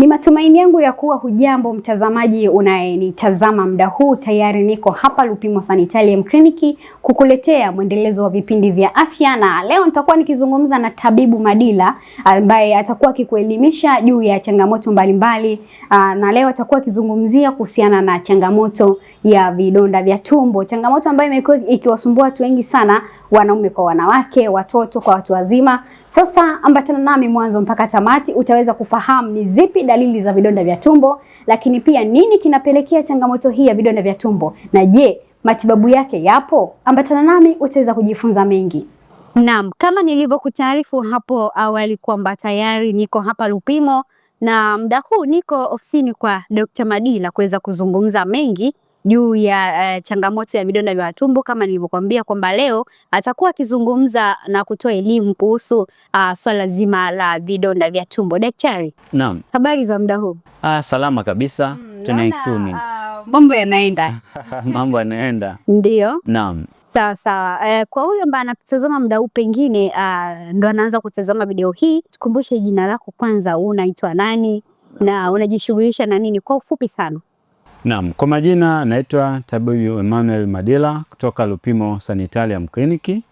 Ni matumaini yangu ya kuwa hujambo mtazamaji unayenitazama muda huu. Tayari niko hapa Lupimo Sanitarium Clinic kukuletea mwendelezo wa vipindi vya afya, na leo nitakuwa nikizungumza na Tabibu Madila ambaye atakuwa akikuelimisha juu ya changamoto mbalimbali mbali. Ah, na leo atakuwa akizungumzia kuhusiana na changamoto ya vidonda vya tumbo, changamoto ambayo imekuwa ikiwasumbua watu wengi sana, wanaume kwa wanawake, watoto kwa watu wazima. Sasa ambatana nami mwanzo mpaka tamati, utaweza kufahamu ni zipi dalili za vidonda vya tumbo, lakini pia nini kinapelekea changamoto hii ya vidonda vya tumbo, na je, matibabu yake yapo? Ambatana nami utaweza kujifunza mengi. Naam, kama nilivyokutaarifu hapo awali kwamba tayari niko hapa Lupimo na muda huu niko ofisini kwa Dr. Madila kuweza kuzungumza mengi juu ya uh, changamoto ya vidonda vya tumbo kama nilivyokuambia kwamba leo atakuwa akizungumza na kutoa elimu kuhusu uh, swala zima la vidonda vya tumbo. Daktari, naam, habari za muda huu? Ah, salama kabisa mm, uh, mambo yanaenda mambo yanaenda ndio, naam. Sawa sawa. Uh, kwa huyo ambaye anatazama muda huu pengine ah, ndo anaanza kutazama video hii, tukumbushe jina lako kwanza, unaitwa nani na unajishughulisha na nini kwa ufupi sana? Naam, kwa majina naitwa Tabibu Emmanuel Madila kutoka Lupimo Sanitarium Clinic.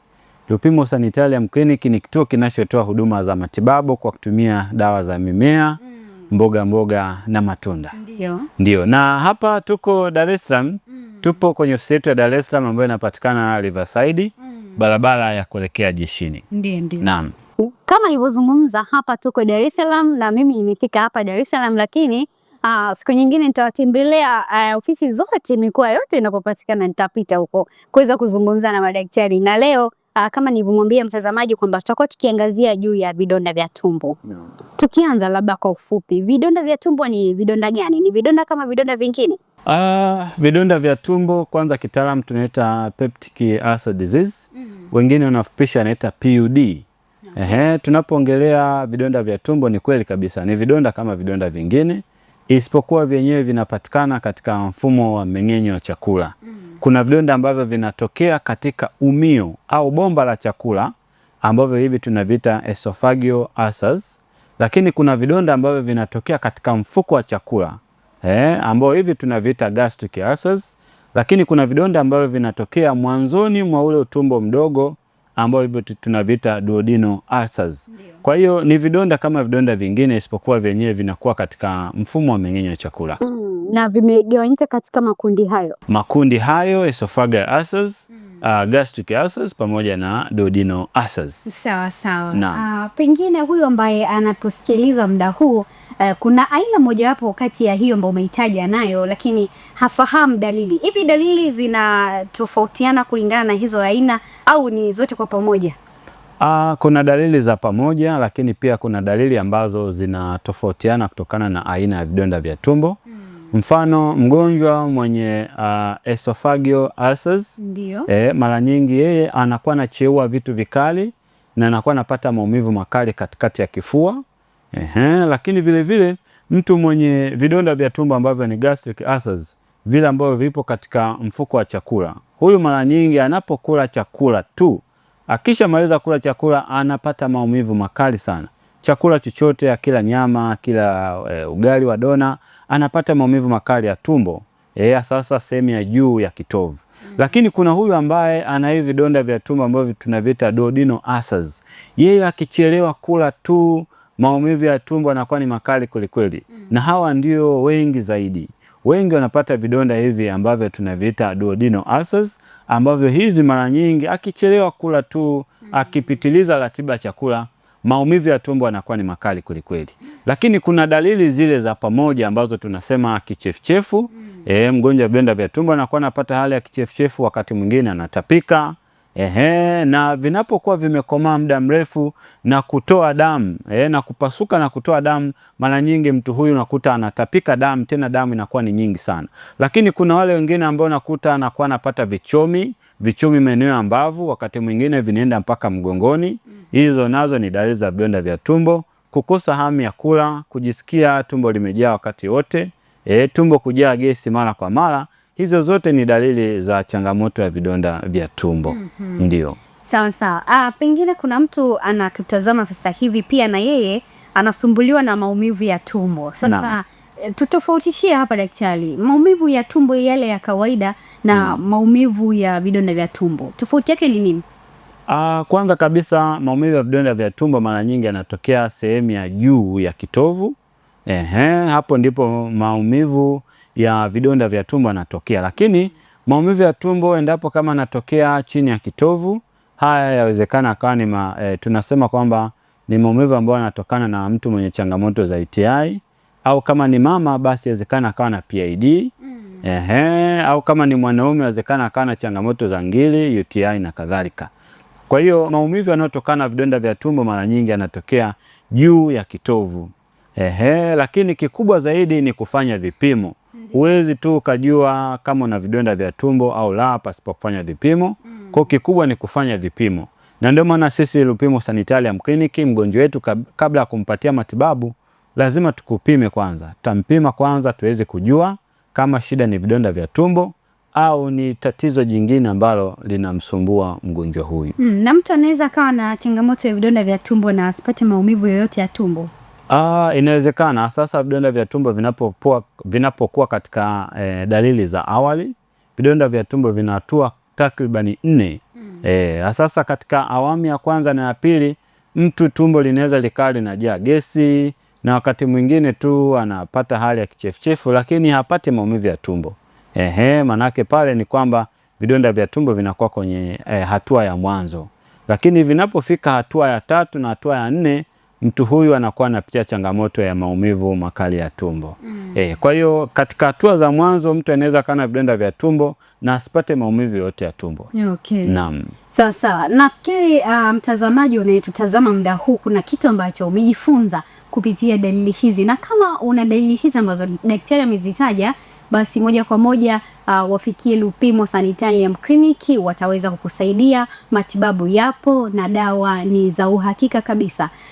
Lupimo Sanitarium Clinic ni kituo kinachotoa huduma za matibabu kwa kutumia dawa za mimea, mm. mboga mboga na matunda. Ndiyo. Ndiyo. Na hapa tuko Dar es Salaam, mm. tupo kwenye ofisi yetu ya Dar es Salaam ambayo inapatikana Riverside, mm. barabara ya kuelekea jeshini. Ndiyo, ndiyo. Naam. Kama ilivyozungumza hapa tuko Dar es Salaam na mimi nimefika hapa Dar es Salaam lakini Uh, siku nyingine nitawatembelea uh, eh, ofisi zote mikoa yote inapopatikana, nitapita huko kuweza kuzungumza na madaktari. Na leo uh, kama nilivyomwambia mtazamaji kwamba tutakuwa tukiangazia juu ya vidonda vya tumbo yeah. Tukianza labda kwa ufupi, vidonda vya tumbo ni vidonda gani? Ni vidonda kama vidonda vingine? Uh, vidonda vya tumbo kwanza kitaalamu tunaita peptic ulcer disease mm -hmm. Wengine wanafupisha anaita PUD. Ehe, tunapoongelea vidonda vya tumbo ni kweli kabisa, ni vidonda kama vidonda vingine isipokuwa vyenyewe vinapatikana katika mfumo wa mmeng'enyo wa chakula. Mm. Kuna vidonda ambavyo vinatokea katika umio au bomba la chakula ambavyo hivi tunaviita esophageal ulcers, lakini kuna vidonda ambavyo vinatokea katika mfuko wa chakula eh, ambao hivi tunaviita gastric ulcers, lakini kuna vidonda ambavyo vinatokea mwanzoni mwa ule utumbo mdogo ambayo hivyo tunavita duodino ulcers. Kwa hiyo ni vidonda kama vidonda vingine, isipokuwa vyenyewe vinakuwa katika mfumo wa mmeng'enyo wa chakula. mm na vimegawanyika katika makundi hayo makundi hayo esophageal ulcers hmm. Uh, gastric ulcers pamoja na dodino ulcers. Sawa sawa. Uh, pengine huyu ambaye anatusikiliza muda huu uh, kuna aina mojawapo kati ya hiyo ambayo umehitaja nayo, lakini hafahamu dalili. Ipi dalili zinatofautiana kulingana na hizo aina au ni zote kwa pamoja? Uh, kuna dalili za pamoja, lakini pia kuna dalili ambazo zinatofautiana kutokana na aina ya vidonda vya tumbo hmm. Mfano mgonjwa mwenye uh, esophageal ulcers e, mara nyingi yeye anakuwa anacheua vitu vikali na anakuwa anapata maumivu makali katikati ya kifua. Ehe, lakini vile vile mtu mwenye vidonda vya tumbo ambavyo ni gastric ulcers, vile ambavyo vipo katika mfuko wa chakula, huyu mara nyingi anapokula chakula tu, akishamaliza kula chakula anapata maumivu makali sana. Chakula chochote, akila nyama, akila e, eh, ugali wa dona anapata maumivu makali ya tumbo eh, ya sasa sehemu ya juu ya kitovu. Mm. Lakini kuna huyu ambaye ana hivi vidonda vya tumbo ambavyo tunaviita dodino asas. Yeye akichelewa kula tu maumivu ya tumbo anakuwa ni makali kwelikweli. Mm. Na hawa ndio wengi zaidi. Wengi wanapata vidonda hivi ambavyo tunaviita duodenal asas, ambavyo hizi mara nyingi akichelewa kula tu, mm. akipitiliza ratiba ya chakula maumivu ya tumbo yanakuwa ni makali kwelikweli. Lakini kuna dalili zile za pamoja ambazo tunasema kichefuchefu. Mm. E, mgonjwa vidonda vya tumbo anakuwa anapata hali ya kichefuchefu, wakati mwingine anatapika Ehe, na vinapokuwa vimekomaa muda mrefu na kutoa damu ehe, na kupasuka na kutoa damu, mara nyingi mtu huyu unakuta anatapika damu, tena damu inakuwa ni nyingi sana. Lakini kuna wale wengine ambao unakuta anakuwa anapata vichomi, vichomi maeneo ya mbavu, wakati mwingine vinaenda mpaka mgongoni. Hizo nazo ni dalili za vidonda vya tumbo. Kukosa hamu ya kula, kujisikia tumbo limejaa wakati wote, e, tumbo kujaa gesi mara kwa mara Hizo zote ni dalili za changamoto ya vidonda vya tumbo. mm -hmm. Ndio, sawa sawa. Ah, pengine kuna mtu anatutazama sasa hivi pia na yeye anasumbuliwa na maumivu ya tumbo sasa na eh, tutofautishie hapa daktari, maumivu ya tumbo yale ya kawaida na mm. maumivu ya vidonda vya tumbo tofauti yake ni nini? Ah, kwanza kabisa maumivu ya vidonda vya tumbo mara nyingi yanatokea sehemu ya juu ya kitovu. Ehe, hapo ndipo maumivu ya vidonda vya tumbo yanatokea, lakini maumivu ya tumbo endapo kama anatokea chini ya kitovu, haya yawezekana akawa ni e, tunasema kwamba ni maumivu ambayo yanatokana na mtu mwenye changamoto za UTI, au kama ni mama basi yawezekana akawa na PID mm. Ehe, au kama ni mwanaume yawezekana akawa na changamoto za ngiri, UTI na kadhalika. Kwa hiyo maumivu yanayotokana na vidonda vya tumbo mara nyingi yanatokea juu ya kitovu. Ehe, lakini kikubwa zaidi ni kufanya vipimo Huwezi tu ukajua kama una vidonda vya tumbo au la pasipo kufanya vipimo. Mm. Kwa kikubwa ni kufanya vipimo, na ndio maana sisi Lupimo Sanitarium Clinic, mgonjwa wetu kabla ya kumpatia matibabu lazima tukupime kwanza. Tutampima kwanza tuweze kujua kama shida ni vidonda vya tumbo au ni tatizo jingine ambalo linamsumbua mgonjwa huyu. Mm, na mtu anaweza akawa na changamoto ya vidonda vya tumbo na asipate maumivu yoyote ya tumbo. Ah, inawezekana sasa vidonda vya tumbo vinapokuwa vinapokuwa katika e, dalili za awali, vidonda vya tumbo vinatua takribani nne hasa mm. E, katika awamu ya kwanza na ya pili mtu tumbo linaweza likaa linajaa gesi na wakati mwingine tu anapata hali ya kichefuchefu, lakini hapati maumivu ya tumbo. Ehe, manake pale ni kwamba vidonda vya tumbo vinakuwa kwenye e, hatua ya mwanzo, lakini vinapofika hatua ya tatu na hatua ya nne mtu huyu anakuwa anapitia changamoto ya maumivu makali ya tumbo mm. E, kwa hiyo katika hatua za mwanzo mtu anaweza kana vidonda vya tumbo na asipate maumivu yote ya tumbo. Okay. Naam. Sawa sawa. Nafikiri uh, mtazamaji unayetutazama muda huu kuna kitu ambacho umejifunza kupitia dalili hizi, na kama una dalili hizi ambazo daktari amezitaja basi moja kwa moja uh, wafikie Lupimo Sanitarium Kliniki, wataweza kukusaidia. Matibabu yapo na dawa ni za uhakika kabisa.